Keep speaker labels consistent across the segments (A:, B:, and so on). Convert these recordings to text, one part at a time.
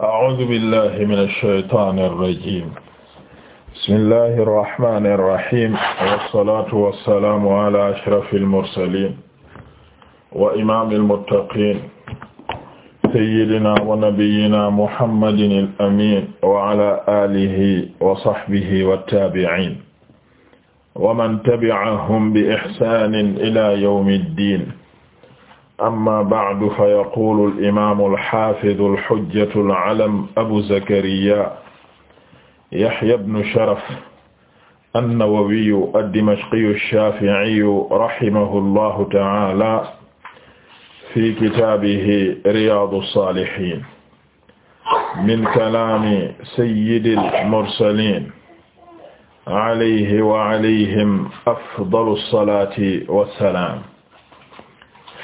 A: أعوذ بالله من الشيطان الرجيم بسم الله الرحمن الرحيم والصلاة والسلام على أشرف المرسلين وإمام المتقين سيدنا ونبينا محمد الأمين وعلى آله وصحبه والتابعين ومن تبعهم بإحسان إلى يوم الدين amma ba'du fa yaqulu al-imaamu al-haafidu al-hujjatu al-alam abu zakariyaa yahya ibnu sharaf an-nawawiyyu ad-dimashqiyyu ash-shaafi'iyyu rahimahu llahu ta'aala fi kitaabihi riyaadu as-saalihiin min kalaami sayyidi al-mursaliin alayhi wa alayhim afdalu as-salaati wa salaam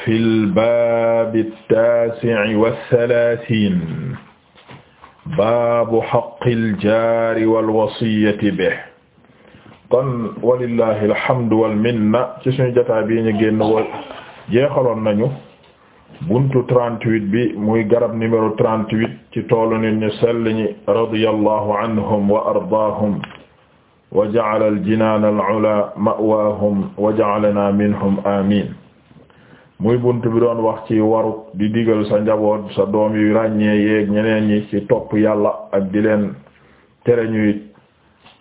A: fil baabi taasi'i wa salaasiin baabu haqqil jaari wal wasiyyati bihi kon walillahi alhamdu wal minna ci suñu jotaay bi ñu génn wa jeexaloon nañu buntu 38 bi muy garab numéro 38 ci toolu nit ñu sell ñi radiyallahu anhum wa ardaahum wa ja'ala al jinaana al ulaa ma'waahum wa ja'alanaa minhum amiin muy bunt bi doon wax ci waru di digal sa njaboot sa doom yu ràññee yeeg ñeneen ñi ci topp yàlla ak di leen tere ñuy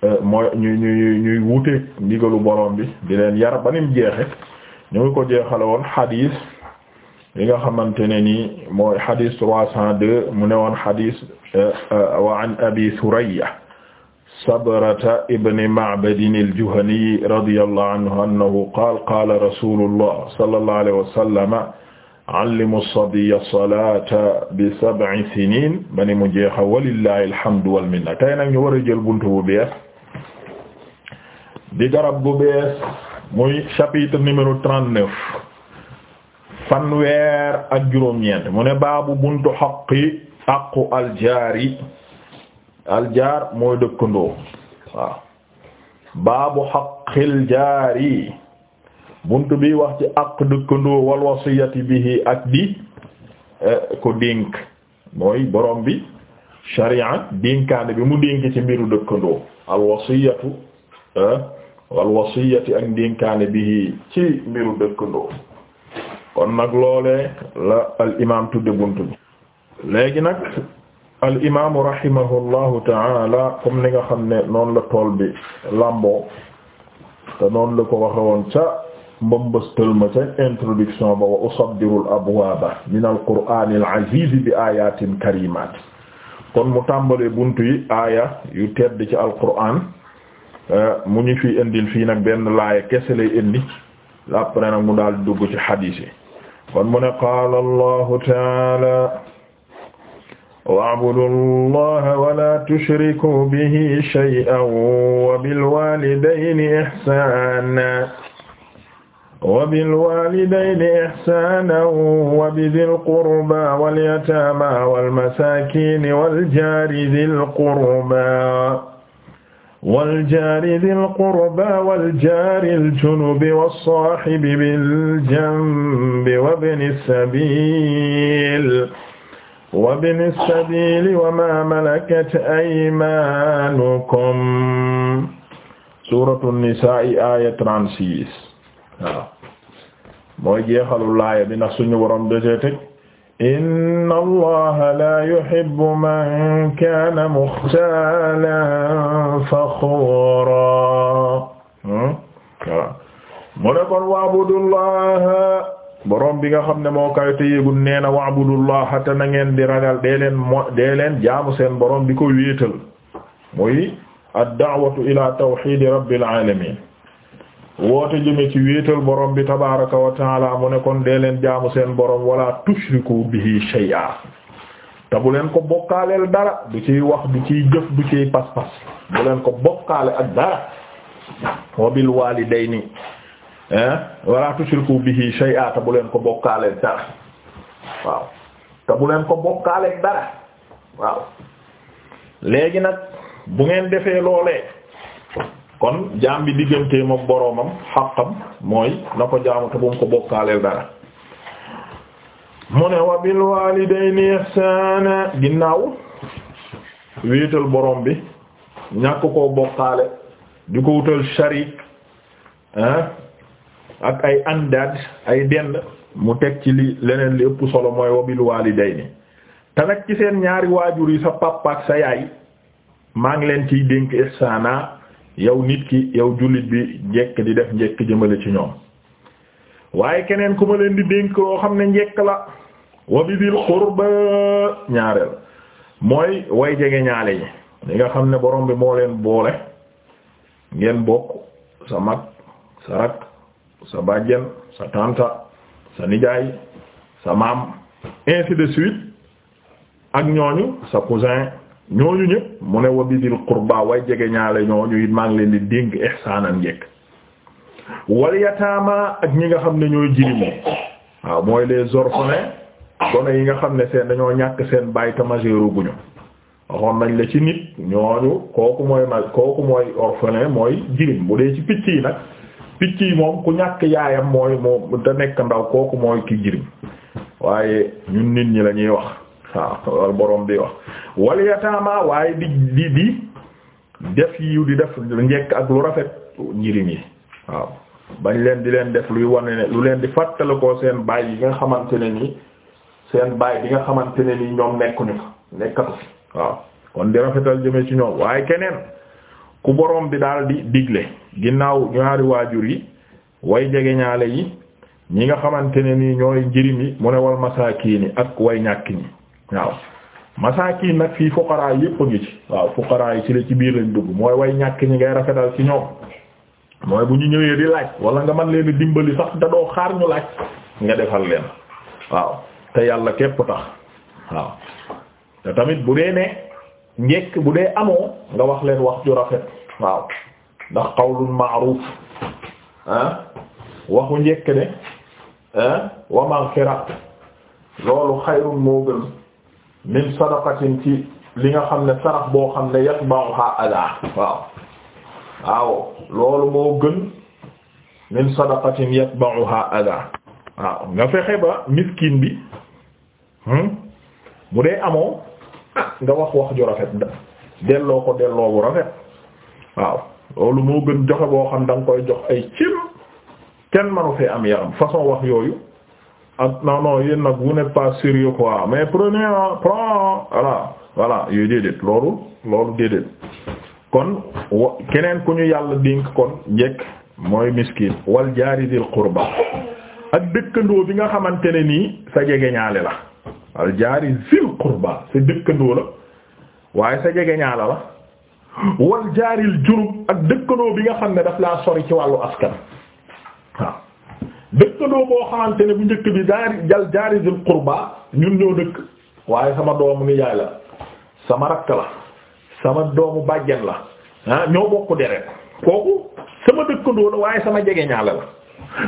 A: euh, mooy ñuy ñuy ñuy wuteeg ndigalu borom bi di leen yar ba nim jeexe ñu ngi ko jeexale woon xadiis li nga xamante ne nii mooy xadiis trois cent deux mu ne woon xadiis euh, euh, wa an abi suraya sabrata ibni ma'badin al-juhani radiyallahu anhu annahu qaala qaala rasulullah sallallahu alayhi wa sallama allimu as-sabiyya as-salaata bi sab'i siniin ba ni mu jeexa walillahi alhamdu wal minna tey nag ñu war a jël buntu bu bees di garab bu bees muy chapitre numéro trente-neuf fanweer ak juróom-ñeent mu ne baabu buntu haqqi aqu aljaari aljaar mooy dëkkandoo waaw baabu xaqil jaari bunt bi wax ci àq dëkkandoo wal wasiyati bihi ak e, ko dénk mooy borom bi sharia dénkaane bi mu dénk ci mbiru dëkkandoo al wasiyatu e, wal wasiyati ak dénkaane bihi ci mbiru dëkkandoo kon nag loole la al imaam tudde bunt bi léegi nag al imaamu rahimahullahu ta'ala comme ni nga xam ne noonu la tool bi lamboo te noonu la ko waxe woon ca mbambastal ma ca introduction ba wa usaddiru al abwaaba min al qur'aan al aziz bi ayatin karimaat kon mu tàmbalee buntu yi aaya yu tedd ci al eh, mu ñu fi indil fii nag benn laaya kese lay indi après nag mu daal dugg ci xadiis yi kon mu ne qaala allahu ta'ala wa'budu llaha wa laa tushriku bihi shay'an wa bil waalidayni ihsaanan wa bil waalidayni ihsaanan wa bidhil qurbaa wal yataamaa wal masaakiini wal jaari dhil qurbaa wal jaari dhil qurbaa wal jaaril junubi was saahibi bil janbi wabni sabiil وابن السبيل وما ملكت أيمانكم سورة النساء آية 36 waaw mooy jeexalu laaya bi ndax suñu waroon dësee teg inna allaha laa yuhibbu man kaana muxtaalan faxuuraa hmm? mu ne kon wa'budu llaha boroom bi nga xam ne moo kawe te yéegul nee na wa'budullaha te na ngeen di ragal dee leen mo dee leen jaamu seen boroom di ko wéetal muy ad-da'watu ila tawhidi rabbil alamin woote jëme ci wéetal boroom bi tabaraka wa taala mu ne kon dee leen jaamu seen boroom wala tushriku bihi shay'a te bu leen ko bokkaaleel dara du ciy wax du ciy jëf du ciy pas-pas bu leen ko bokkaale ak dara wa bil walidayni wala tushriku bihi shay'a te bu leen ko bokkaaleen dara waaw te bu leen ko bokkaaleen dara waaw léegi nag bu ngeen defee loolee kon jaam bi digganteem ak boroomam xaqam mooy na ko jaamu te bu mu ko bokkaaleel dara mu ne wa bil walidayni ihsana ginnaaw wéetal borom bi ñàkk koo bokkaale di ko wutal sharik ah ak ay andad ay dend mu teg ci li leneen li ëpp solo mooy wabil walidayni te nag ci seen ñaari waajur yi sa papaak sa yaay maa ngi leen ciy dénk ihsaana yow nit ki yow jullit bi njekk di def njekk jëmale ci ñoom waaye keneen ku ma leen di dénk loo xam ne njekk la wabidil qurba ñaareel mooy way jege ñaale yi li nga xam ne borom bi moo leen boole ngeen bokk sa mag sa rak sa bàjjen sa tanta sa nijaay sa maam ainsi de suite ak ñooñu sa cousin ñooñu ñëpp mu ne wa bidil qurba way jege ñaale ñooñu it maa ngi leen di dénk ihsaanan njekk wal yataama ak ñi nga xam ne ñooy jirim waaw mooy les orphelins gone yi nga xam ne seen dañoo ñàkk seen baay ta guñu waxoon nañ la ci nit ñooñu kooku mooy ma kooku mooy orphelin mooy jirim bu dee ci picc yi nag picc yi moom ku ñàkk yaayam mooy moom te nekk ndaw kooku mooy ki jirim waaye ñun nit ñi la ñuy wax waaw boroom bi wax wal yataama waaye di di di def yiw di def njekk ak lu rafet njirim yi waaw bañ leen di leen def luy wane ne lu leen di fàttalikoo seen baay yi nga xamante ne ni seen baay bi nga xamante ne ni ñoom nekkuñu ko nekkatu fi waaw kon di rafetal jëme ci ñoom waaye keneen ku boroom bi daal di digle ginnaaw ñaari waajur yi way jege ñaale yi ñi nga xamante ne nii ñooy njirim yi mu ne wal masaakiini ak way ñàkk ñi waaw masaakiin nag fii fuqaraa yépp a ngi ci waaw fuqaraa yi ci la ci biir lañ dugg mooy way ñàkk ñi ngay rafetal ci ñoom mooy bu ñu ñëwee di laaj wala nga mën leen dimbali sax da doo xaar ñu laaj nga defal leen waaw te yàlla képp tax waaw te tamit bu dee ne njekk bu dee amoo nga wax leen wax ju rafet waaw ndax qawlun ma'ruf ah, waxu njëkk ne ah wa loolu xayrun moo gën min sadaqatin ci li nga xam ne sarax boo xam ne yatba'uha adaa waaw waaw loolu moo gën min sadaqatin yatba'uha adaa waaw nga fexe ba miskin bi mu hmm, dee amoo nga wax wax ju rafet delloo ko delloo bu rafet waaw loolu moo gën joxe boo xam da nga koy jox ay cim kenn manu fee am yaram façon wax yooyu ak non non yéen nag vous n'êtes pas sérieux quoi mais prenez un prend voilà voilà yooyu déedéet loolu loolu déedéet kon wa keneen ku ñu yàlla dénk kon njekk mooy miskin wal jaari dil qurba ak dëkkandoo bi nga xamante ne nii sa jegeñaale la wal jaari dil qurba sa dëkkandoo la waaye sa jegeñaale la wal jaaril junub ak dëkkandoo bi nga xam ne daf laa sori ci wàllu askan waaw dëkkandoo boo xamante ne bu njëkk bi jaari jal jaarizul qurba ñun ñoo dëkk waaye sama doomu nijaay la sama rakk la sama doomu bàjjen la ah ñoo bokk deret kooku sama dëkkandoo la waaye sama jegeñaale la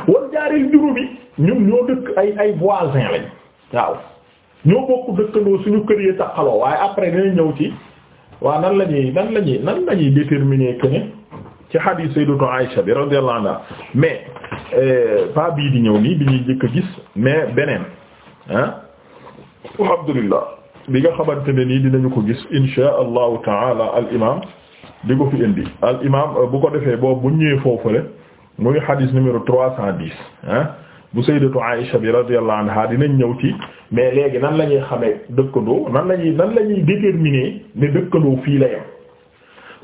A: wal jaaril junub bi ñun ñoo dëkk ay ay voisin lañ waaw ñoo bokk dëkkandoo suñu kër yi taxaloo waaye après dinañ ñëw ci waa nan la ñuy nan la ñuy nan la ñuy déterminer que ci hadith sayyidatu Aisha bi radiyallahu anha mais euh, pas bii di ñëw nii bi ñuy njëkk gis mais beneen ah alhamdulillah bi nga xamante ne nii dinañu ko gis insha allahu taala al imam di ko fi indi al imam euh, bu ko defee boobu bu ñëwee foofule muy hadith numéro trois cent dix ah bu sayyidatu Aisha bi radiyallahu anha dinañ ñëw ci mais léegi nan la ñuy xamee dëkkandoo nan la ñuy nan la ñuy déterminer ne dëkkandoo fii la yem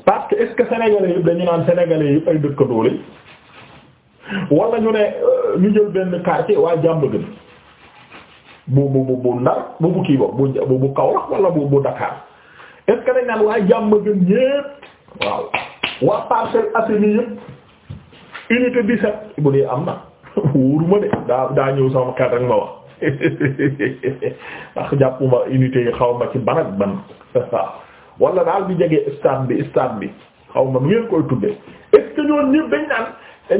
A: parce que est yëpp dañu naan sénégalais yëpp ay dëkkandoo lañ wala ñu ne euh, ñu jël benn quartier waa jàmb gën bu bu bu bu Ndar bu bu kii bu bu bu Kaolack wala bu bu Dakar est-ce que dañ naan gën ñépp waaw waa Parcelles Assainies yëpp unité 17 bu dee am na. wóoruma de daa daa ñëw sama xel rek wax ndax jàppuma unité xaw ma ci ban ak ban wala daal bi jege stade bi stade bi xaw ma nu ngeen koy tuddee est-ce ñëpp dañ naan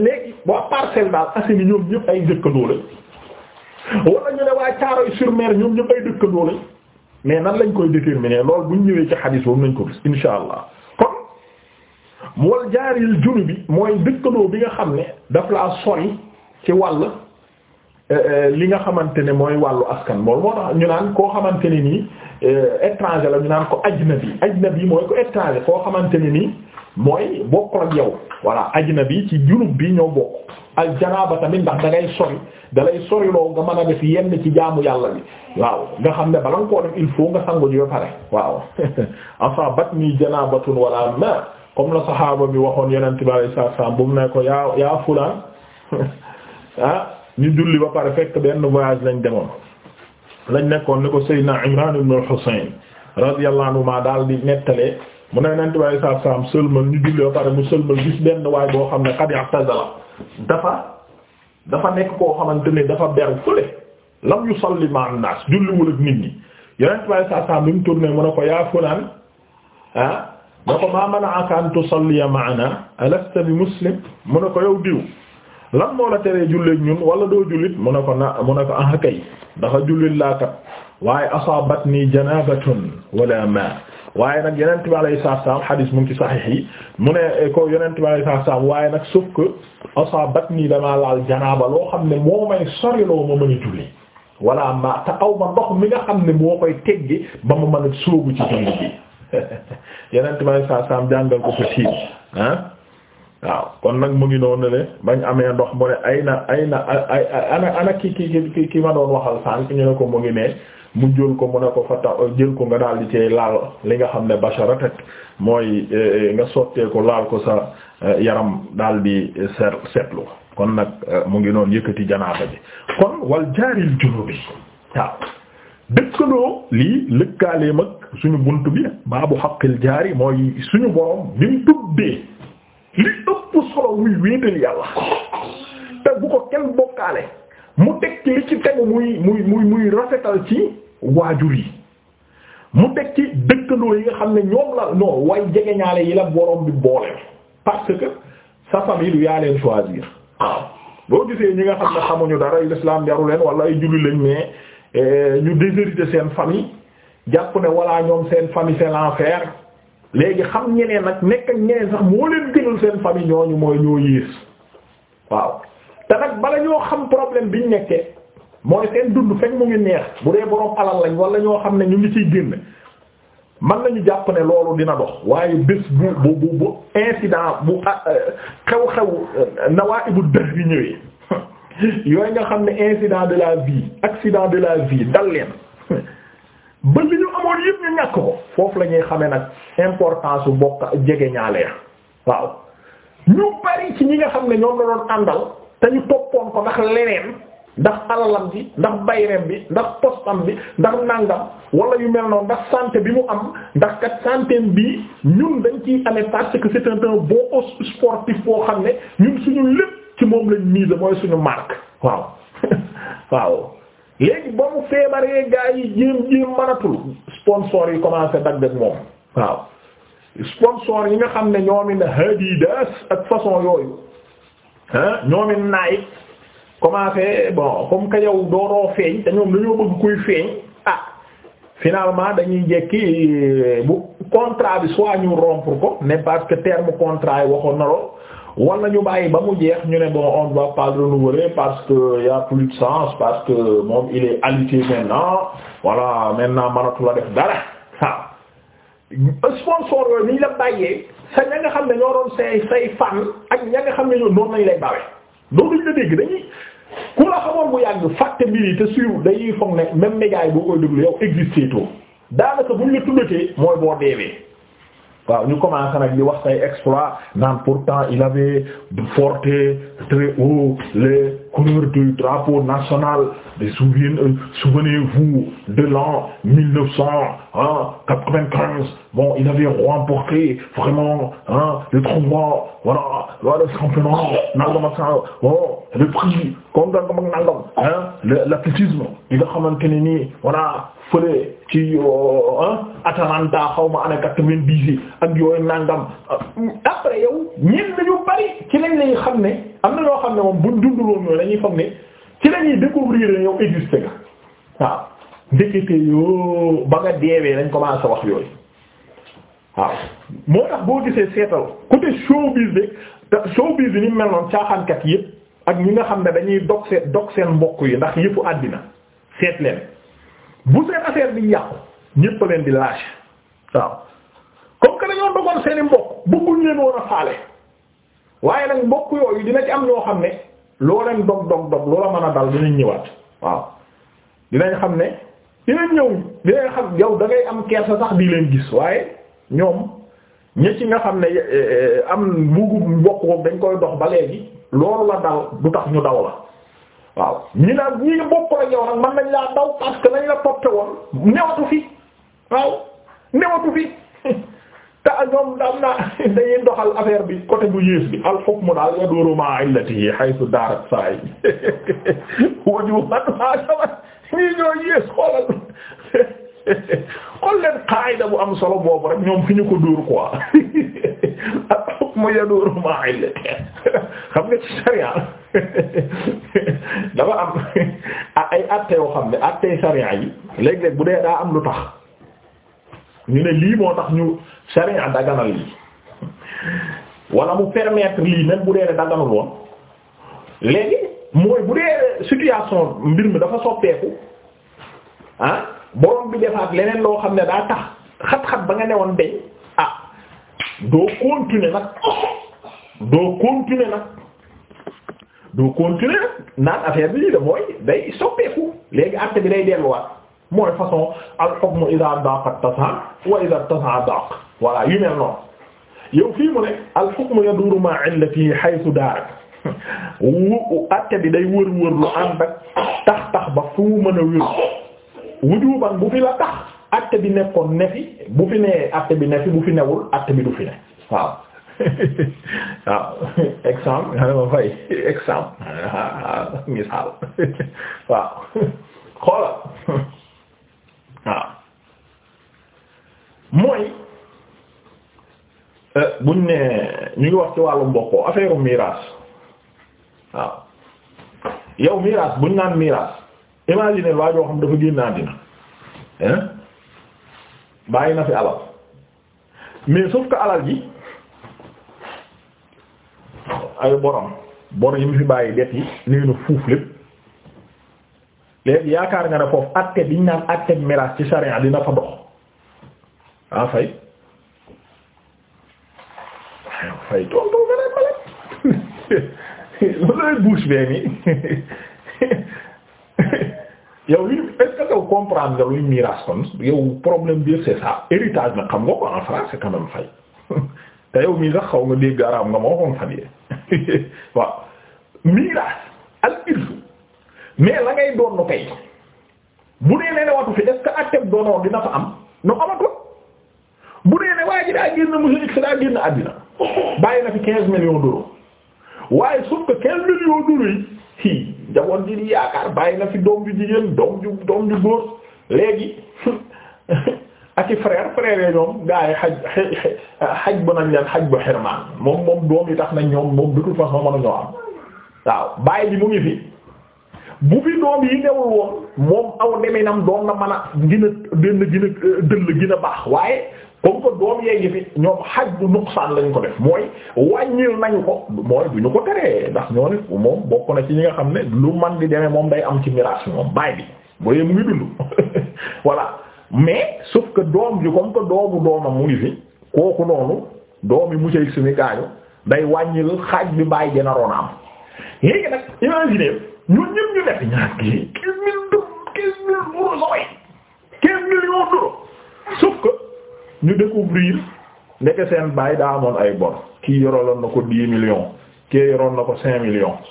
A: léegi waa parcelle daal asini ñoom ñëpp ay dëkkandoo la wala ñu ne dëkkandoo mais nan lañ koy déterminer lool bu ñu ñëwee ci xadiis boobu nañ ko gis insha allah kon wal jaaril junubi mooy dëkkandoo bi nga xam ne daf laa sori. ci wàll euh, euh, li nga xamante ne mooy wàllu askan bool moo tax ñu naan koo xamante ne nii euh, étranger la ñu naan ko ajnabi ajnabi mooy ko étranger koo xamante ne nii mooy bokkul ak yow voilà ajnabi ci junub bi ñoo bokk al janaaba tamit ndax da ngay sori da lay soriloo nga mën a def yenn ci jaamu yàlla bi waaw nga xam ne bala nga koo def il faut nga sangu ji ba pare waaw asabatni janabatun wala ma comme la sahaaba bi waxoon yonente bi alayhi salaam mu ne ko yaa yaa fulaan ah ñu julli ba pare fekk benn voyage lañ demoon lañ nekkoon ni ko Seydina Imran ibn Husayn radiyallahu anhu ma daal di nettalee mu ne nent waaye saab saam sëlmal ñu julli ba pare mu sëlmal gis benn waay boo xam ne xad i'tazala dafa dafa nekk koo xamante ne dafa beru fële lam yusalli ma'an nas julliwul ak nit ñi yonent waaye saab saam bi mu tourné mu ne ko yaa fulaan ah na ko ma mana'aka an tusalliya ma'ana alasta bi muslim mu ne ko yow diw lan moo la teree julleeg ñun wala doo jullit mu ne ko na mu ne ko ah kay dafa jullit laa kat waaye asaabatni janabatun wala ma waaye nag yonent bi alayhi salaam hadis mu ci saxiix yi mu ne ko yonent bi alayhi salaam waaye nag sauf que nii damaa laal janaaba loo xam ne moo may soriloo ma mën a julli wala ma te aw ma ndox mi nga xam ne moo koy teggi ba ma mën a sóobu ci julli bi yonent bi alayhi salaam jàngal ko ko tiim waaw kon nag mu ngi noonu le bañ amee ndox mu ne ay na ay na ay ana ana ki ki ki ma doon waxal sànq ñu ne ko mu ngi ne mu jël ko mu ne ko fa ta jël ko nga daal di cay laal li nga xam ne basharatak mooy e, e, nga sottee ko laal ko sa e, yaram daal di set setlu kon nag mu ngi noonu yëkkati janaaba bi kon wal jaaril junubi waaw dëkkandoo lii lëkkaalee mag suñu bunt bi baabu xaqil jaari mooy suñu borom bi mu tuddee li ëpp solo muy wéetal yàlla te bu ko kenn bokkaale mu teg ci li ci tegu muy muy muy rafetal ci waajur yi mu teg ci dëkkandoo yi nga xam ne ñoom la non way jegeñaale yi la borom bi booleel parce que sa famille du yaa leen choisir boo gisee ñi nga xam ne xamuñu dara l'islam yaru leen wala ay julli lañ mais eh, ñu déshérité seen famille jàpp ne wala ñoom seen famille c'est l'enfer léegi xam ñeneen nag nekk ak ñeneen sax moo leen gënal seen famille ñooñu mooy ñoo yées waaw te nag bala ñoo xam problème ñu nekkee mooy seen dund fekk mu ngi neex bu dee borom alal lañ wala ñoo xam ne ñu ngi ciy génn man nañu jàpp ne loolu dina dox waaye bés bu bu bu bu incident bu ah, euh, xew-xew euh, nawaa'ibu dahri ñëwee yooyu nga xam ne incident de la vie accident de la vie dal leen ba li ñu amoon yëpp ñu ñàkk ko foofu lañuy ñuy xamee nag importance su ak jege ñaale waaw ñu bari ci ñi nga xam ne ñoom la doon àndal te ñu toppoon ko ndax leneen ndax alalam bi ndax bayreem bi ndax postam bi ndax nàngam wala yu mel noonu ndax santé bi mu am ndax kat santé bi ñun dañ ci amee parce que c'est un bon sportif boo xam ne ñun suñu lépp ci moom lañ mise mooy suñu marque waaw waaw. léegi ba mu feebaree gaa yi jéem jéem manatul sponsor yi commencé dagg moom waaw sponsor yi nga xam ne ñoomi na Adidas ak façon yooyu ah ñoomi Nike commencé bon comme que yow dooroo feeñ te ñoom dañoo bëgg kuy feeñ ah finalement dañuy jekki bu contrat bi soit ñu rompre ko mais parce que terme contrat yi waxoon na lool wala ñu bàyyi ba mu jeex ñu ne bon on va pas renouveler parce que y a plus de sens parce que moom il est alité maintenant voilà maintenant manatu la def dara waaw sponsor yooyu niñ la bàyyee sa ña nga xam ne ñoo doon say say fan ak ña nga xam ne ñoo noonu lay bawee loolu lañ la dégg dañuy ku la xamoon bu yàgg fàtte mbir yi te suivre dañuy foog ne même médias boo koy déglu yow existé too daanaka buñ la tuddatee mooy boo deewee. waaw ñu commencé nag di wax say exploit naan pourtant il avait porté très haut les couleur du drapeau national de souvenir euh, souvenez-vous de l'an 1995 bon il avait remporté vraiment le tournoi le prix comme nangam ak nangam hein l'athlétisme yi nga xamante ne nii voilà fële ci euh, Atalanta xaw ma année quatre-vingt-dix ak yooyu nangam euh, après yow ñenn ñu bari ci lañ lay xam ne. am na loo xam ne moom bu dundul woon yooyu dañuy foog ne ci la ñuy découvrir yow existé nga waaw ndekete yoo ba nga deewee lañ commencé wax yooyu waaw moo tax boo gisee seetal côté showbiz bi showbiz bi ni mel noonu caaxaankat yépp ak ñi nga xam ne dañuy dog seen dog seen mbokk yi ndax yëfu àddina seet leen bu seen affaire bi yàqu ñépp leen di lâché waaw comme que dañoo dogoon seen mbokk bëgguñ leen war a faale. waaye nag mbokk yooyu dina ci am ñoo xam ne loo leen dog dog dog loola mën a dal dinañ ñëwaat waaw dinañ xam ne dinañ ñëw dinañ xam yow dangay am kersa sax di leen gis waaye ñoom ñi ci nga xam ne eh, eh, eh, am mbugu mbokk ko dañ koy dox ba leegi loolu la dal du tax ñu daw la waaw ñi naan ñi mbokk la ñëw nag mën nañ laa daw parce que nañ la toppe woon newatu fi waaw newatu fi ah ñoom am na dañuy doxal affaire bi côté bu yées bi al-hukmu daal yaduru ma'a illatihi haythu daarat sa'i wujuhan ma sama ñii ñoo yées xoolal xool leen qaida bu am solo boobu rek ñoom fi ñu ko dóor quoi al-hukmu yaduru ma'a illatihi xam nga ci sharia dafa am ay atte yoo xam ne atte sharia yi léeg bu dee daa am lu tax. ñu ne lii moo tax ñu sharia daganal lii wala mu permettre lii même bu dee ne daganul léegi mooy bu dee situation mbir mi dafa soppeeku ah borom bi defaat leneen loo xam ne daa tax xat-xat ba nga ne woon deñ ah doo continuer nag doo continuer nag doo continuer nag naan affaire bi lii da mooy day soppeeku léegi acte bi day delluwaat. mooy façon al-hukmu idha daqa tasaa wa idha tasaa daq voilà yu mel noonu yow fii mu ne al-hukmu yaduru ma'a illatihi haythu daarak wu atte bi day wër wër tax tax ba fu mën a wér wujuban bu fi la tax atte bi nekkoon ne bu fi newul atte du fi ne waaw exemple nga ma fay exemple misaal waaw xoolal waaw mooy euh, buñ ne ñu ngi wax ci wàllu mbokkoo affaire u miraas waaw yow miraas buñ naan miraas imagine waa joo xam dafa génn àddina hein bàyyi na fi alal mais sauf que alal ji ay borom bor yi mu fi bàyyi det yi neena fuuf lépp léegi yaakaar nga ne foofu àtte biñ naan àtte miraas ci sharia dina fa dox ah fay fay tontu nga ne bale loolu lay bouche bee nii yow li est-ce que yow comprendre nga luy miraas kon yow problème bi c'est ça héritage na xam nga ko en français quand même fay te yow mii sax xaw nga dégg araab nga moo xoon fan yee miraas al irsu mais la ngay doon nu kay bu dee ne watu fi est-ce que àtteeg doonoon dina fa am nu amatul bu dee ne waa ji daa génn monsieur X daa génn àddina bàyyi na fi 15 millions d'euros waaye suuf que 15 millions d'euros yi fii njaboot ji di yaakaar bàyyi na fi doom ju jigéen doom ju doom yu góor léegi ak i frère frère yooyu ñoom gars yi xaj xaj ba nañ leen xaj ba xirmaan moom moom doom yi tax nañ ñoom moom de toute façon mënuñoo am waaw bàyyi ji mu bu fi doom yi newul woon moom aw deminam doon na mën a gën a denn gën a euh, dëll gën a baax waaye comme que doom yee ngi fi ñoom xaj bu nuqsaan lañu ko def mooy wàññil nañu ko mooy du ñu ko teree ndax ñoo ne moom bokk na ci ñi nga xam ne lu man di demee moom day am ci miraas moom baay bi booyee mu ngi dund voilà mais sauf que doom bi comme que doomu doomam mu ngi fi kooku noonu doom yi monsieur X mi gaañu day wàññil xaaj bi baay gën a am ñun ñëpp ñu def ñaar kii quinze mille dugub quinze mille euros sooy quinze millions d'euros sauf que ñu découvrir ndeke seen baay daa amoon ay bor kii yoroloon na ko dix millions kii yoroon na ko cinq millions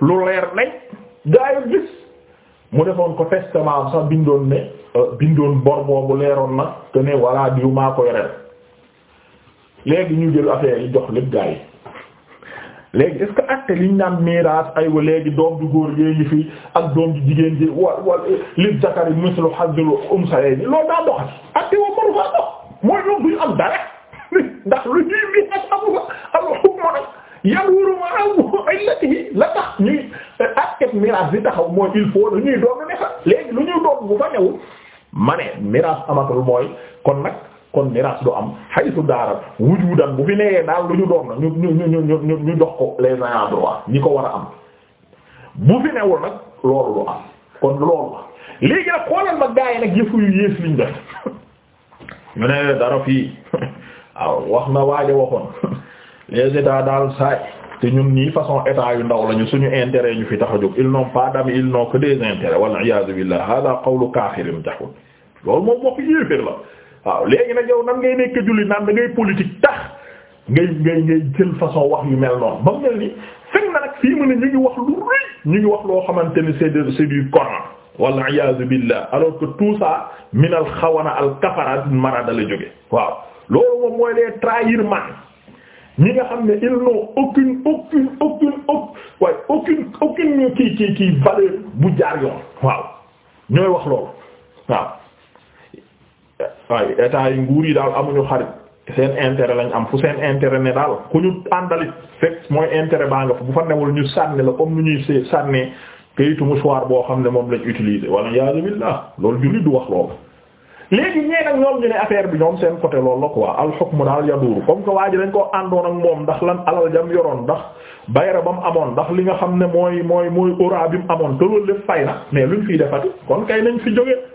A: lu leer nañ gaa yu gis mu defoon ko testament sax bindoon ne euh, bindoon bor boobu leeroon nag que ne voilà diw maa ko yoreel léegi ñu jël affaire yi jox lépp gaa yi léegi est-ce que acte liñ naan miraas aywa léegi doom ju góor yee ngi fi ak doom jigéen ji wa wa li zakari mislu hazzul unsayayni loolu daa doxati acte woo mënu faa dox mooy am dara lu fa al hukmu nag la tax ñuy acte miraas di taxaw mooy il faut lu ñuy doon ne fa léegi lu ñuy doon bu fa newul ma miraas amatul mooy kon nag kon miraas du am haytu daarat wujudan bu fi newee daal lu ñu doom na ñu ñu ñu ñu ñu dox ko les ayants droit ñi ko war a am bu fi newul nag loolu du am kon loolu la léegi nag xoolal ma gaa nag yëfu yu yées liñ def ñu ne dara fii waaw wax na waaja waxoon les états daal saay te ñun nii façon état yu ndaw lañu suñu intérêt ñu fi tax a jóg ils n'ont pas d'amis ils n'ont que des intérêts wal iyaazu billah hada qawlu kafirin jahud loolu moom wax yéeféer la waaw léegi nag yow nan ngay nekk jullit naan da ngay politique tax ngay ngay ngay jël façon wax yu mel noonu ba mu mel ni fekk na nag fii mu ne ñu ngi wax lu rëy ñu ngi wax loo xamante ni c'est de c'est du Coran wal iyaazu billah alors que tout ça min al xawana al kafara marada la jóge waaw loolu moom mooy les trahirments ñi nga xam ne ils n'ont aucune aucune aucune aucune waaye aucune aucune kii bu jaar yoon waaw ñooy wax loolu waaw ay état yi nguur yi daal amuñu xarit seen intérêt lañ am fu seen intérêt ne daal ku ñu àndalit fekk mooy intérêt baa nga fa bu fa newul ñu sànni la comme nu ñuy sànnee kayitu mouchoir boo xam ne moom lañ utiliser wala yalibilla loolu jullit du wax loolu léegi ñee nag ñoom ñu ne affaire bi ñoom seen côté loolu la quoi al hukmu daal yaduuru comme que waa ji dañ koo àndoon ak moom ndax lan alal jam yoroon ndax bayra ba mu amoon ndax li nga xam ne mooy mooy mooy aura bi amoon te lépp fay na mais luñ fi jógee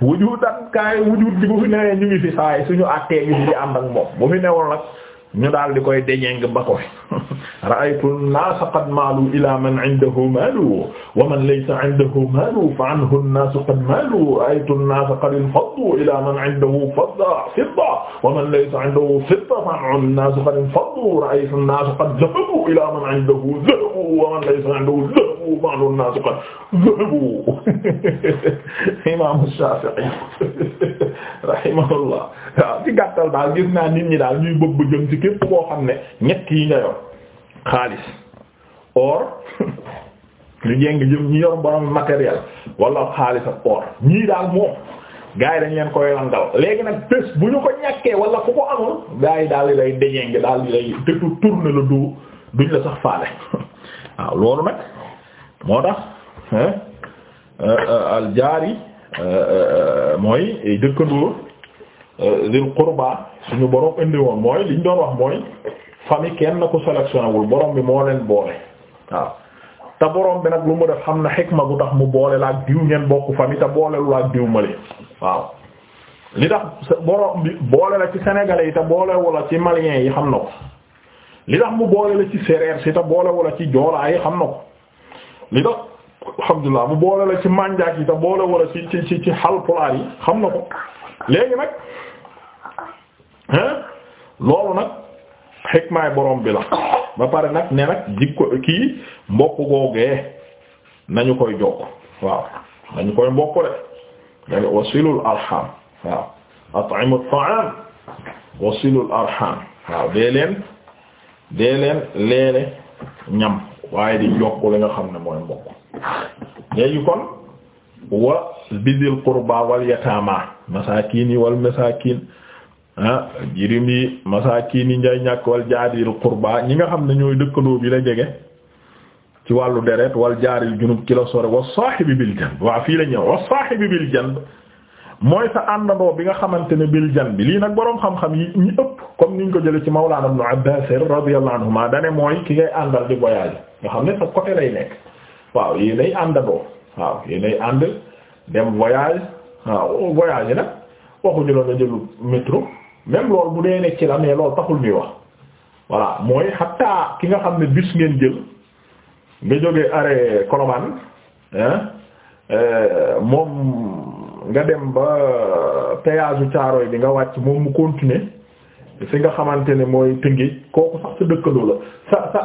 A: wujudan kaay wujud bi bu fi newee ñu ngi fi saay suñu attee yi ñu di ànd ak moom bu fi newoon nag ñu daal di koy deñeng ba ko fi ra'aytu an-nas qad malu ila man 'indahu malu wa man laysa 'indahu malu fa 'anhu an-nas qad malu ra'aytu an-nas qad infaddu ila man 'indahu fadda fidda wa man laysa 'indahu fidda fa 'anhu an-nas qad infaddu ra'aytu an-nas qad dhahabu ila man 'indahu dhahab zahabu wa man laysa indahu zahabu ma'lu an-nas qad zahabu imam Shafi'i rahimahullah waaw ci gàttal daal gis naa nit ñi daal ñuy bëgg bu jëm ci képp koo xam ne ñett yi nga yor xaalis or ñu jéng jëm ñu yor borom matériel wala xaalis ak or ñii daal moom gaa yi dañ leen koy langal léegi nag bés bu ñu ko ñàkkee wala ku ko amul gaa yi daal di lay déjénge daal di lay te tourner le dos duñ la sax faale waaw loolu nag moo tax euh, euh, aljaari euh, mooy dëkkandoo dil qurba suñu borom indi woon mooy liñ doon wax mooy famille kenn ku ko sélectionné wul borom bi moo leen boole waaw te borom bi nag lu mu def xam na xikma bu tax mu boole laa ak diw ngeen bokk famille te boole lu la ak diw mali waaw li tax borom bi boole la ci sénégalais yi te boole wala ci maliens yi xam na ko li tax mu boole la ci séeréer si te boole wala ci joolaa yi xam na ko li tax alhamdulilah mu boole la ci manjaak yi te boole wala ci ci ci ci xalpulaar yi xam na ko léegi nag hein loolu nag xikmaay borom bi la pare nag ne nag jikko kii mbokk googee nañu koy jokk waaw nañu koy mbokk de dañu wasilul arham waaw at'imu at'am dee leen leele ñam waaye di yokk li nga xam ne mooy mbokk léegi kon wa bidil qurba wal yataama masaakiin yi wal masaakiin ah jirim yi masaakiin yi njay ñàkk wal jaaril qurba ñi nga xam ne ñooy dëkkandoo bi la jege ci wàllu deret wal jaaril junub ki la sore wa saahibi bil janb waa fii la ñëw wa saahibi bil janb mooy sa àndandoo bi nga xamante ne bil jan bi lii nag boroom xam-xam yi ñu ëpp comme niñ ko jële ci Mawlana Ibn Abbas radiyallahu anhuma dane mooy ki ngay àndal di voyage nga xam ne sa côté lay nekk waaw yéen ay àndandoo waaw yéen ay ànd dem voyage waaw voyage nag waxuñu la nga jëlu métro même loolu mu dee nekk ci la mais loolu taxul ñuy wax voilà mooy xataa ki nga xam ne bus ngeen jël nga jógee arrêt Colobane euh, moom nga dem ba péage Caaroy bi nga wàcc moom mu continuer fi nga xamante ne mooy tëngeej kooku sax sa dëkkandoo la sa sa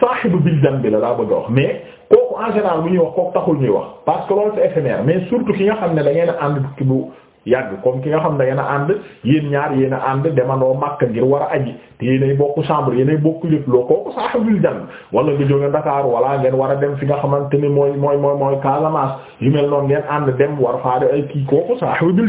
A: saaxibu bil jan bi la daa bëgg a wax mais kooku en général bu ñuy wax kooku taxul ñuy wax parce que loolu c'est éphémère mais surtout ki nga xam ne da ngeen a ànd tukki bu yàgg comme ki nga xam ne yéen a ànd yéen ñaar yéen a ànd demandoo Makka ngir war a aji te yéenay bokk chambre yéenay bokk lépp loo kooku wala nga jóge Dakar wala ngeen war a dem fi nga xamante ni mooy mooy mooy mooy Casamance yu mel noonu ngeen ànd dem war faade ay kii kooku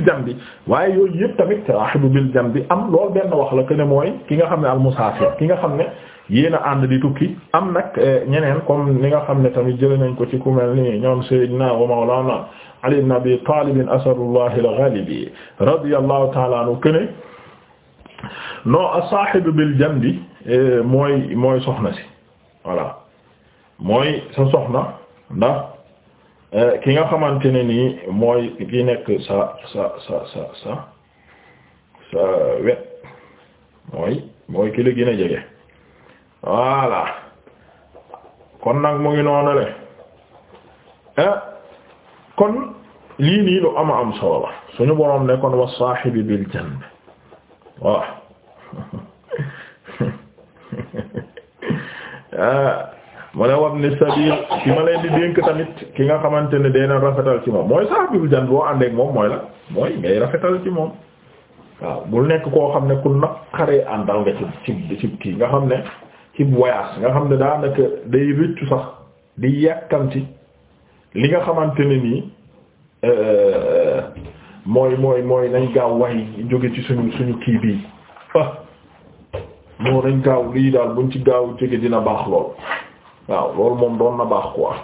A: jan bi waaye yooyu yëpp tamit saaxibul jan bi am loolu benn wax la que mooy ki nga xam ne al musaafir ki nga xam ne yéen a ànd di tukki am nag eh, ñeneen comme ni nga xam ne tamit jëlee nañ ko ci ku mel ni ñoom Seydina wa Mawlana Ali ibn Abi Talib asadullah al-ghalibi radiyallahu ta'ala anhu kene non as-saahibu bil jambi e, mooy mooy soxna si voilà mooy sa soxna ndax e, ki nga xamante ne nii mooy ki nekk sa sa sa sa sa sa wet mooy mooy ki la gën a jege voilà kon nag mu ngi noonu le eh, kon lii nii lu ama am solo la suñu boroom ne kon wa saahibi bil janb waaw ah, mu ne wam ni sabil ci ma leen di dénk tamit ki nga xamante ne day na rafetal ci moom mooy saahibul janb boo àndeek moom mooy la mooy ngay rafetal ci moom waaw bul nekk koo xam ne ku naqaree àndal nga ci ci ci kii nga xam ne ci voyage nga xam ne daanaka day rëccu sax di yàkkamti li nga xamante ne nii euh, mooy mooy mooy nañ gaaw wax jóge ci suñu suñu kii bii ah moo nañ gaaw lii daal buñ ci gaaw jóge dina baax lool waaw lool moom doon na baax quoi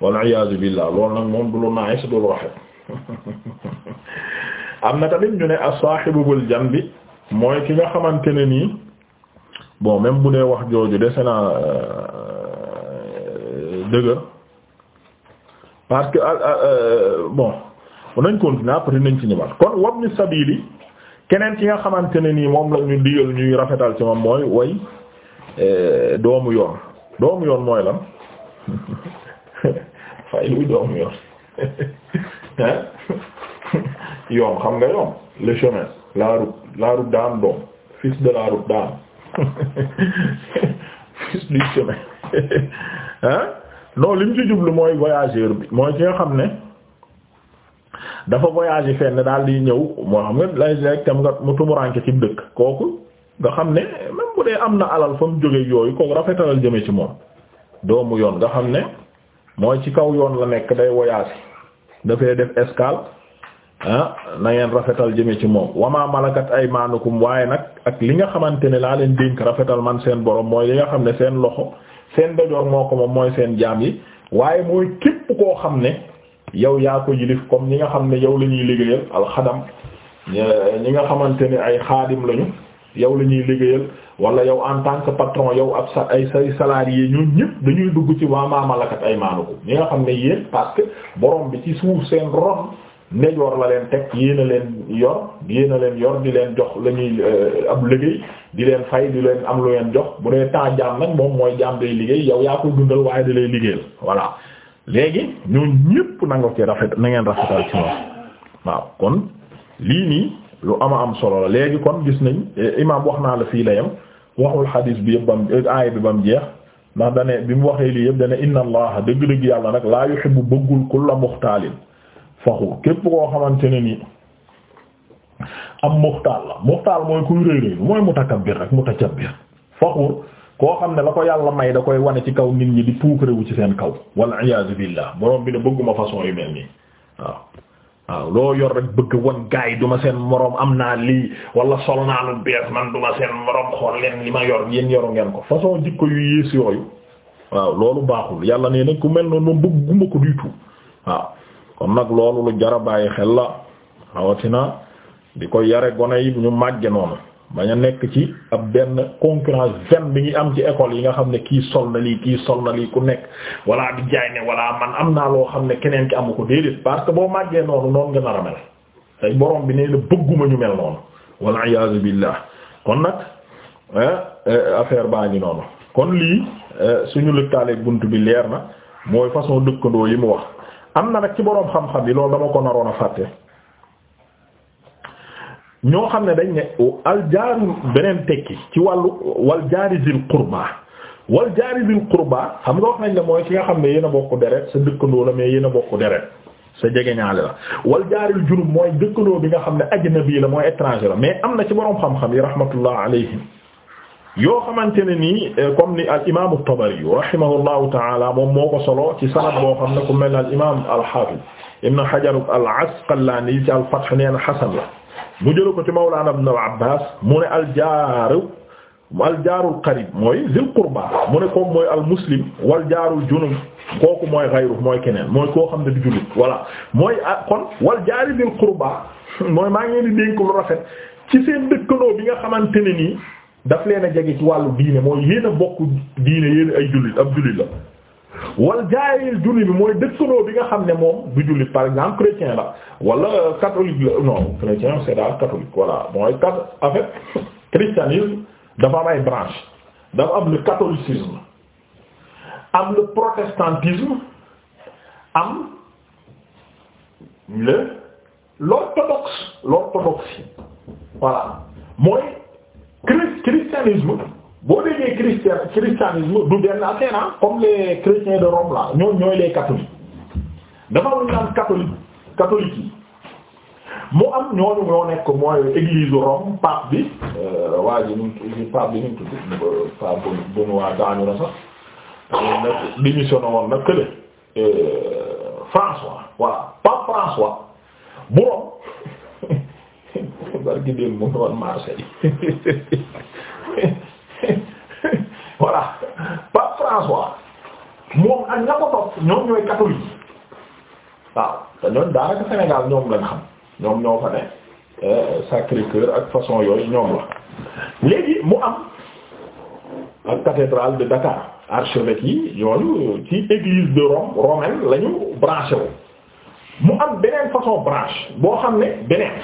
A: wal iyaazu billaah loolu nag moom du lu naay si du lu rafet am na tamit ñu ne as-saahibu bil janbi mooy ki nga xamante ne nii bon même bu dee wax jooju dese naa euh, dëgër. parce que euh, euh, bon nañ continuer après nañ ci ñëwaat kon wabni sabili keneen ki nga xamante ne nii moom la ñu digal ñuy rafetal ci moom mooy way euh, doomu yoon doomu yoon mooy la fay luy doomu yoon yoon xam nga yoon le chemin la route la route daa doom fils de la route daa am fils du chemin hein non li mu ci jublu mooy voyageur bi mooy ci nga xam ne dafa voyagé fenn daal di ñëw moo xam ne lay rek tam nga mu tumuranke ci dëkk kooku nga xam ne même bu dee am na alal fa mu jógee yooyu kooku rafetalal jëme ci moom doomu yoon nga xam ne mooy ci kaw yoon la nekk day voyagé dafay def escale ah na ngeen rafetal jëme ci moom wama malakat ay maanukum waaye nag ak li nga xamante ne laa leen dénk rafetal man seen borom mooy li nga xam ne seen loxo seen dojoor moo ko moom mooy seen jaam yi waaye mooy képp koo xam ne yow yaa ko yilif comme ñi nga xam ne yow la ñuy liggéeyal alxadam ñi nga xamante ni ay xaadim lañu yow la ñuy liggéeyal wala yow en tant que patron yow ak sa ay say salarié ñu ñëpp dañuy dugg ci waa maamalakat ay maanuko ñi nga xam ne yéen parce que borom bi ci suuf seen ron nejoor la leen teg yéen a leen yor yéen a leen yor di leen jox la euh, ab liggéey di leen fay di leen am lu leen jox bu dee temps nag moom mooy jaam day liggéey yow yaa koy dundal waaye da lay liggéeyal voilà léegi ñooñu ñépp na nga ci rafet na rafetal ci ñoom waaw kon lii nii lu ama am solo la léegi kon gis nañ eh, imaam wax naa la fii la yem waxul xadiis bi yëpp bam eh, aaya bi bam jeex ndax dane bi mu waxee lii yëpp dane inna allah dëgg-dëgg yàlla laa yuhibbu bëggul kulla muxtaalin faxuur képp koo xamante ne ni am muxtaal la muxtaal mooy kuy rëy rëy mooy mutakabbir rek mutakabbir koo xam ne la ko yàlla may da koy wane ci kaw nit ñi di puukarewu ci seen kaw wal iyaazu billah borom bi ne bëgguma façon yu mel nii waaw waaw loo yor rek bëgg wan gaay du ma seen moroom am naa lii wala sol naa lu bees man du ma seen moroom xool leen li ma yor yéen yoru ngeen ko façon jikko yu yées yooyu waaw loolu baaxul yàlla nee na ku mel noonu kon nag loolu lu jara bàyyi xel la rawatina di ko yare gone yi ñu màgge noonu bañ a nekk ci ab benn concurrence ven bi ngi am ci école yi nga xam ne kii sol na lii kii sol na lii ku nekk walla di jaay ne walla man am naa loo xam ne keneen ki amu ko déedéet parce que boo màggee noonu noonu nga nar a mel tey borom bi nee na bëgguma ñu mel noonu walla iyaazu billah kon nag eh, eh, affaire baa ngi noonu kon lii eh, suñu lëkkaaleeg bunt bi leer na mooy façon dëkkandoo yi mu am na nag ci boroom xam-xam yi loolu dama ko naroon a fàtte ñoo xam ne dañ ne aljaari beneen tekki ci wàllu wal jaari zil qurba wal jaari zil qurba xam nga wax nañ la mooy ki nga xam ne yéen a bokk deret sa dëkkandoo la mais yéen bokk deret sa jegeñaale la wal jaaril junub mooy dëkkandoo bi nga xam ne ajnabi la mooy étranger la mais am na ci boroom xam-xam yi rahmatullah alayhim yoo xamante ne nii eh, comme ni al imaamu Tabari rahimahullahu ta'ala moom moo ko solo ci sanad boo xam ne ku mel ne al imaam al haafiz ibn Hajar al Asqalaani ci al Fath nee hasan la mu jël ko ci Mawlaana ibn Abbaas mu ne al jaaru al jaarul qariib mooy zil qurba mu ne koom mooy al muslim wal jaarul junub kooku mooy mooy keneen mooy koo xam ne du jullit voilà mooy ah, kon wal jaari zil qurba mooy ci bi nga xamante ne nii. daf leen a jege ci wàllu diine mooy yéen a diine yéen ay jullit ab jullit la wal jaayil jullit bi mooy dëkkaloo bi nga xam ne moom du jullit par exemple chrétien la wala catholique la non chrétien c'est daal catholique voilà mooy cat en fait dafa am ay branche dafa am le catholicisme am le protestantisme am le l'orthodoxe l'orthodoxie voilà mooy christianisme boo déggee christian christianisme du benn affaire ah comme les chrétiens de Rome là ñoom ñooy les catholiques dafa am lu ñu naan catholique catholique yi mu am ñooñu ñoo nekk mooy église Rome pape bi euh, waa ji nu pape bi nu mu tudd pa Benoît daañu na sax nag euh, démissionné woon nag kële euh, François voilà pape François bu Rome barki dem mu ngi marché yi voilà Pape François moom ak ña ko topp ñoom ñooy catholique waaw te daanaka Sénégal ñoom lañ xam ñoom ñoo fa eh, Sacré-Cœur ak façon yooyu ñoom la léegi mu am ak cathédrale de Dakar archevêque yi yooyu ci église de Rome romaine la ñu mu am beneen façon branche boo xam ne beneen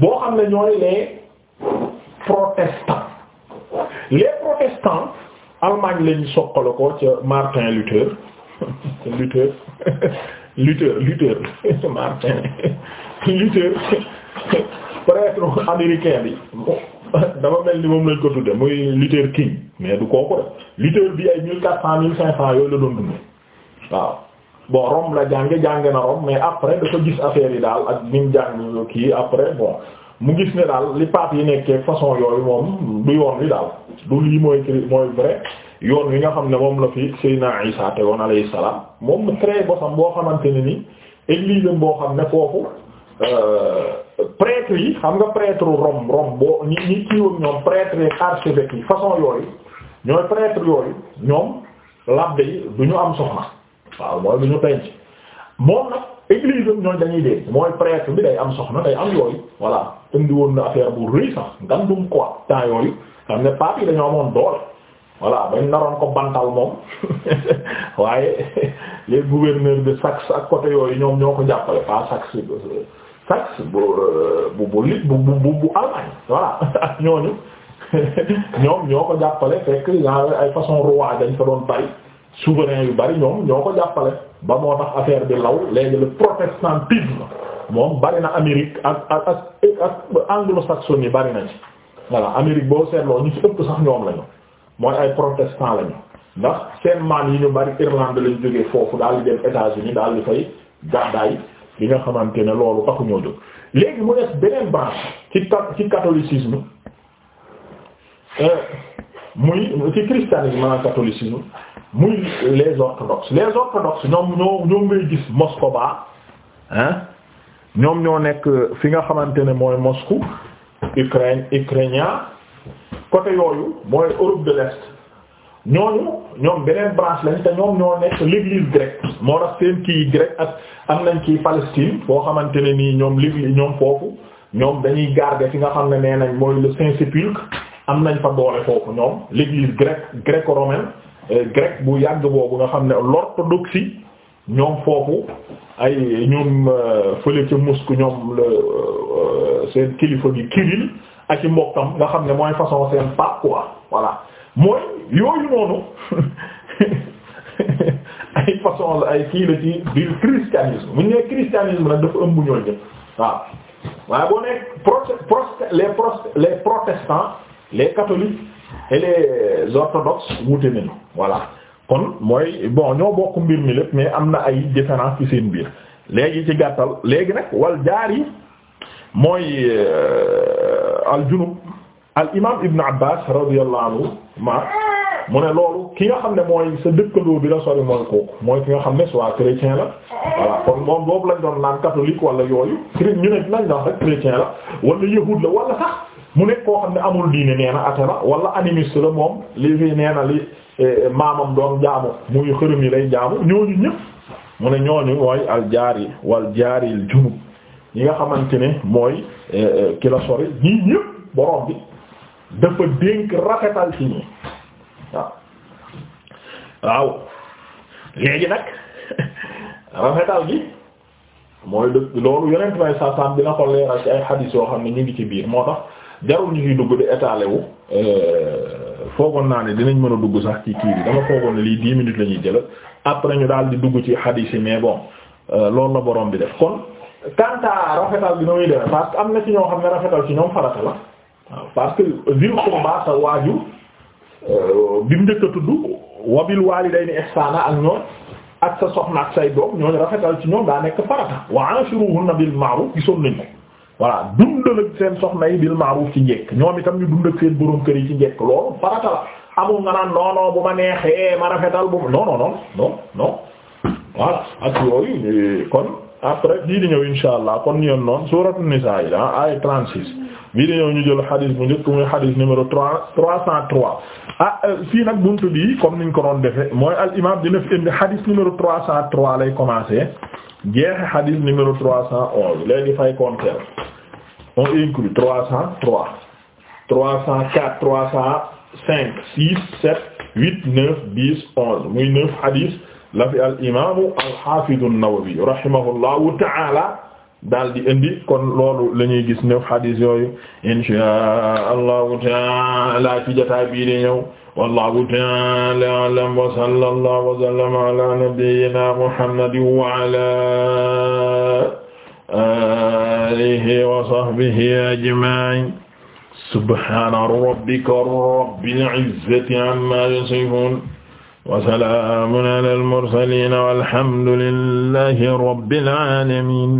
A: boo xam ne ñooy les protestants les protestants Allemagne lañ soqala ko ca Martin Luther Luther Luther Luther Martin Luther prêtre américain bi dama mel ni moom lañ ko tudde muy Luther King mais du kooku rek bi ay mille quatre cent mille cinq cent yooyu la doon dund waaw bon Rome la jànge jànge na Rome mais après dafa gis affaire yi daal ak ni mu jàng kii après bon mu gis ne daal li pape yi nekkee façon yooyu moom du yoon wi daal du lii mooy mooy vrai yoon wi nga xam ne moom la fi Seydina Isa tegoon alayhi salaam moom mu créé bosam boo xamante ne ni église boo xam ne foofu euh, prêtre yi xam nga prêtre Rome Rome boo ñi ñi kiiwam ñoom prêtre yi archevêque yi façon yooyu ñooy prêtre yooyu ñoom labbe yi du ñu am soxna waaw mooy bu ñu penc moom nag église am ñooñ dañuy dee mooy prêtre bi day am na day am yooyu voilà indi woon na affaire bu rëy sax ngandum quoi temps yooyu xam ne pape yi dañoo amoon doole voilà bañ naroon ko bantal moom waaye les gouverneurs de Saxe ak côté yooyu ñoom ñoo ko jàppale pas Saxe Saxe bu euh, bu bu lit bu bu bu Allemagne ñoom ñoo ko jàppale fekk ay façon roi dañ fa doon bari souverain yu bari ñoom ñoo ko jàppale ba moo tax affaire bi law léegi le protestantisme moom bari na Amérique ak ak ak anglo-saxon yi bari na ci voilà Amérique boo seetloo ñu ci ëpp sax ñoom lañu mooy ay protestant lañu ndax seen maan yi ñu bari Irlande lañ jógee foofu daal di dem États-Unis daal di fay gàddaay li nga xamante ne loolu taxu ñoo jóg léegi mu des beneen branche ci ci catholicisme euh, muy ci christianisme ak catholicisme muy les orthodoxes les orthodoxes ñoom ñoo ñoom ngay gis Moscou ba hein ñoom ñoo nekk fi nga xamante ne mooy Moscou Ukraine ukrainien côté yooyu mooy Europe de l'Est ñooñu ñoom beneen branche te ñoom ñoo nekk l'église grecque moo tax seen kii grec ak am nañ kii Palestine foo xamante ne nii ñoom l'église ñoom foofu ñoom dañuy garder fi nga xam ne nee nañ mooy le Saint-Sépulcre am nañ fa doole foofu ñoom l'église grecque gréco-romaine Euh, grec bu yàgg boobu nga xam ne l'orthodoxie ñoom foofu ay ñoom euh, fële ca Moscou ñoom euh, seen kilifa gi Kirill ak i mbokkam nga xam ne mooy façon seen pape quoi voilà mooy yooyu noonu ay façon la ay kii la ci biir christianisme bu ñu christianisme nag dafa ëmb ñooy jëf waaw waaye boo nekk pro les les protestants et les euh, orthodoxes wute nañu voilà kon mooy bon ñoo bokk mbir mi lépp mais am na ay différence ci seen biir léegi ci gàttal léegi nag wal jaari mooy euh, al junub al imaam Ibn Abbas radiyallahu anhu ma mu ne loolu ki nga xam ne mooy sa dëkkandoo bi la sori mooy kooku mooy ki nga xam ne soit chrétien la voilà kon moom boobu lañ doon naan catholique wala yooyu ñu ne lañ doon rek chrétien la wala yahud la wala sax mu nekk koo xam ne amul diine nee na la wala animiste la moom li fi nee na li eh, maamam doon jaamu muy xërëm yi lay jaamu ñooñu ñëpp mu ne ñooñu mooy aljaari wal jaaril junub ñi nga xamante ne mooy eh, eh, kilo la sori ñii ñëpp borom bi dafa dénk rafetal ci ñi waaw waaw léegi nag rafetal gi mooy dëkk loolu yeneen way bi sam dina ko leeral ci ay xadiis yoo xam ne ñu ngi ci biir moo tax jarul ñu ciy dugg di étalé wu euh, foogoon naa ne dinañ mën a dugg sax ci kii bi dama foogoon ne lii dix minutes la ñuy jëla après ñu daal di dugg ci hadith yi mais bon euh, loolu la borom bi def kon quant à rafetal bi na muy demee parce que am na ci ñoo xam ne rafetal ci ñoom farata la waaw parce que ville comba sa waajur euh, bi mu njëkk a tudd wabil walidayni ihsana ak ñoom ak sa soxna ak say doom ñooñu rafetal ci ñoom daa nekk farata wa ashiruhunna bil ma'ruf gisoon nañ voilà dundal ak seen soxna yi bil ma'ruf ci njekk ñoom itam ñu dund ak seen borom kër yi ci njekk loolu farata la amul nga naan non bu ma neexee ma rafetal bu non non non non ak yooyu eh, kon après dii di ñëw insha allah kon ñeen noonu suuratu nisaa yi ah ay 36 bii dañoo ñu jël xadis bu njëkk muy xadis numéro trois trois cent trois ah euh, fii nag buntu bi comme niñ ko doon defe mooy al imam dina fi indi xadis numéro trois cent trois lay commencer jeexe xadis numéro trois cent onze léegi fay compter on inclut trois cent trois trois cent quatre trois cent cinq six sept huit neuf dix onze muy neuf xadis la fi al imaamu al xaafidu an-Nawawi rahimahullahu ta'ala daal di indi kon loolu la ñuy gis ne hadis yooyu inshaa allahu taala ci jotaay bii di ñëw wallahu taala a'lam wa sallallahu wa sallama ala nabiyyina muhammadin wa ala alihi wa sahbihi ajma'in subhana rabbika rabbil izzati amma yasifun
B: wa salamun
A: ala al mursalin walhamdulillahi rabbil alamin